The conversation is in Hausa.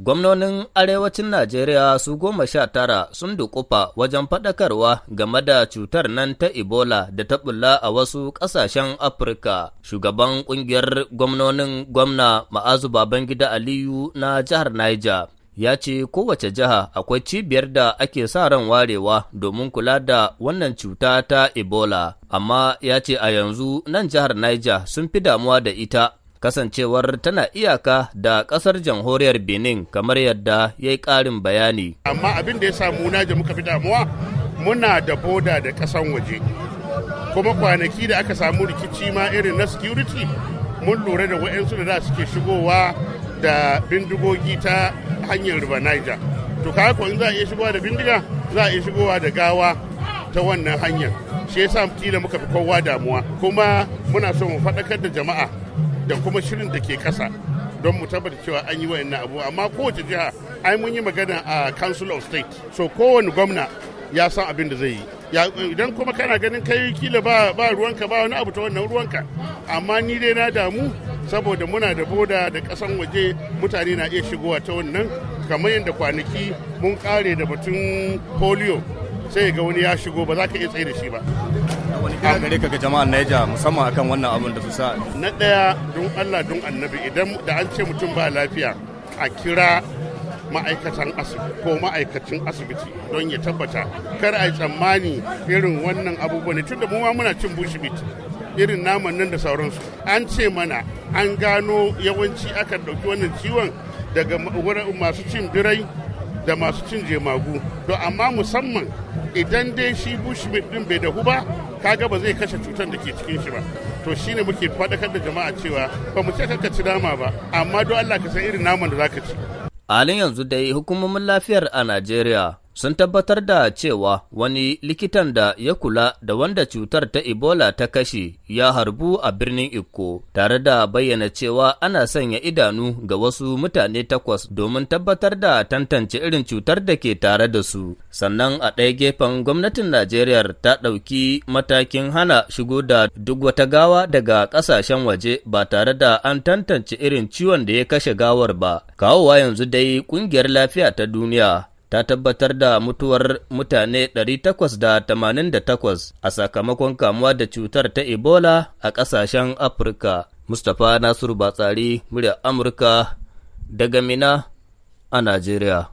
Gwamnonin Arewacin Najeriya su goma sha tara sun dukufa wajen faɗakarwa game da cutar nan ta Ebola da ta bulla a wasu ƙasashen Afirka. Shugaban ƙungiyar gwamnonin gwamna Ma'azu Babangida Aliyu na jihar Niger ya ce kowace jiha akwai cibiyar da ake sa ran warewa domin kula da wannan cuta ta Ebola. Amma ya ce a yanzu nan jihar Niger sun fi damuwa da ita kasancewar tana iyaka da ƙasar jamhuriyar Benin kamar yadda ya yi ƙarin bayani. Amma abin da ya samu ji muka fi damuwa muna da boda da ƙasan waje. Kuma kwanaki da aka samu rikici ma irin na security mun lura da wa'yansu da da suke shigowa da bindigogi ta hanyar ruba Niger. To kawai ko in za a iya shigowa da bindiga za a iya shigowa da gawa ta wannan hanyar. Shi yasa kila muka fi kowa damuwa kuma muna so mu faɗakar da jama'a da kuma shirin da ke kasa don mu tabbata cewa an yi wa'annan abu amma kowace jiha ai mun yi magana a council of state so kowane gwamna ya san abin da zai yi ya idan kuma kana ganin kai kila ba, ba ruwanka ba wani abu ta wannan ruwanka amma ni dai na damu saboda muna da boda da kasan waje mutane na iya shigowa ta wannan kamar yadda kwanaki mun kare da batun polio sai ga wani ya shigo ba za ka iya tsaye da shi ba wani kira gare ka ga jama'ar Niger musamman akan wannan abin da su sa. na ɗaya don Allah don annabi idan da an ce mutum ba lafiya a kira ma'aikatan asibiti ko ma'aikacin asibiti don ya tabbata kar a yi tsammani irin wannan abubuwan ne tunda mu ma muna cin bushimit irin naman nan da sauransu an ce mana an gano yawanci akan ɗauki wannan ciwon daga masu cin birai da masu cin jemagu to amma musamman idan dai shi bushmeat din bai dahu ba kaga ba zai kashe cutar da ke cikin shi ba to shine muke faɗakar da jama'a cewa ba mu ka ci nama ba amma don Allah ka san irin naman da za ka ci halin yanzu dai hukumomin lafiyar a Najeriya sun tabbatar da cewa wani likitan da ya kula da wanda cutar ta Ebola ta kashe ya harbu a birnin Ikko, tare da bayyana cewa ana sanya idanu ga wasu mutane takwas domin tabbatar da tantance irin cutar da ke tare da su. Sannan a ɗaya gefen gwamnatin Najeriya ta ɗauki matakin hana shigo da duk wata gawa daga ƙasashen waje ba tare da an tantance irin ciwon da ya kashe gawar ba. Kawowa yanzu dai ƙungiyar lafiya ta duniya ta tabbatar da mutuwar mutane 888 a sakamakon kamuwa da cutar ta Ebola a ƙasashen Afirka. Mustapha Nasiru Batsari, murya Amurka, daga Mina a Najeriya.